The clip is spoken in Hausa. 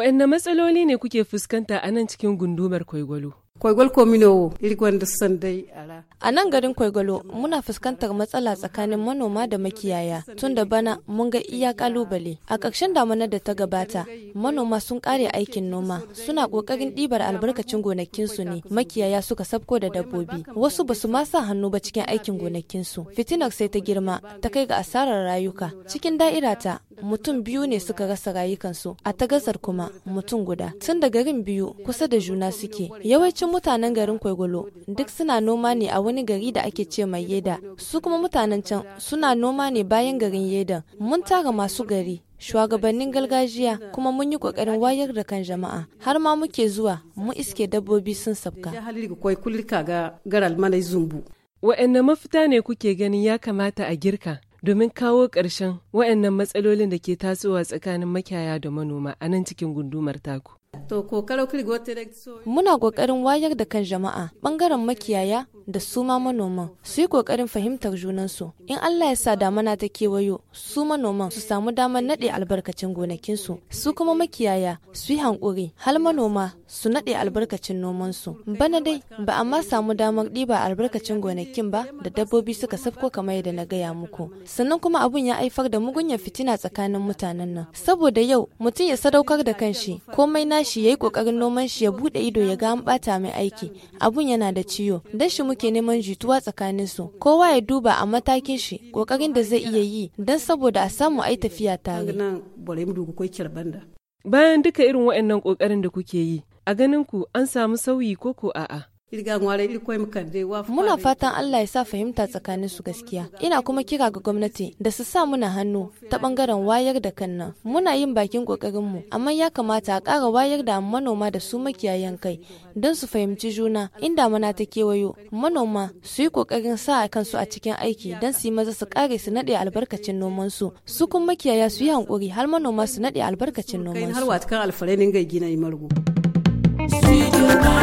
Waɗanne matsaloli ne kuke fuskanta a nan cikin gundumar Kwaigwalo? Kwaigwal Kominowo, irgwan da sandai a A nan garin Kwaigwalo muna fuskantar matsala tsakanin manoma da makiyaya tun da bana mun ga iya kalubale. A ƙarshen damanar da ta gabata manoma sun ƙare aikin noma suna ƙoƙarin ɗibar albarkacin gonakinsu ne makiyaya suka sabko da dabbobi. Wasu basu ma sa hannu ba cikin aikin gonakinsu. Fitinar sai ta girma ta kai ga asarar rayuka. Cikin da'irata, mutum biyu ne suka rasa rayukansu a ta gazar kuma mutum guda. Tun da garin biyu kusa da juna suke. Yawancin mutanen garin Kwaigwalo duk suna noma ne a wani gari da ake ce mai Yeda. Su kuma mutanen can suna noma ne bayan garin Yedan. Mun tara masu gari, shugabannin gargajiya kuma mun yi kokarin wayar da kan jama'a. Har ma muke zuwa mu iske dabbobi sun sabka. wa'annan mafita ne kuke ganin ya kamata a girka? domin kawo ƙarshen waɗannan matsalolin da ke tasowa tsakanin makiyaya da manoma a nan cikin gundumar taku. Muna ƙoƙarin wayar da kan jama'a ɓangaren makiyaya da su ma manoman su yi ƙoƙarin fahimtar junansu. In Allah ya sa damana ta kewayo su manoman su samu damar naɗe albarkacin gonakinsu su kuma makiyaya su yi hankuri hal manoma su naɗe albarkacin nomansu. Bana dai ba a ma samu damar ɗiba albarkacin gonakin ba da dabbobi suka safko kamar yadda na gaya muku. Sannan kuma abun ya haifar da mugunyar fitina tsakanin mutanen nan. Saboda yau mutum ya sadaukar da kanshi komai na tashi yi kokarin noman shi ya bude ido ya ga an bata mai aiki abun yana da ciwo dan shi muke neman jituwa tsakanin su kowa ya duba a matakin shi kokarin da zai iya yi dan saboda a samu ai tafiya tare bayan duka irin waɗannan kokarin da kuke yi a ganin ku an samu sauyi ko ko a'a Muna fatan Allah ya sa fahimta tsakanin su gaskiya. Ina kuma kira ga gwamnati da su sa muna hannu ta bangaren wayar da kan nan. Muna yin bakin mu amma ya kamata a kara wayar da manoma da su makiyayan kai don su fahimci juna inda mana ta kewayo. Manoma su yi ƙoƙarin sa a kansu a cikin aiki don su yi maza su kare su naɗe albarkacin nomansu. Su kuma makiyaya su yi hankuri har manoma su naɗe albarkacin nomansu. Har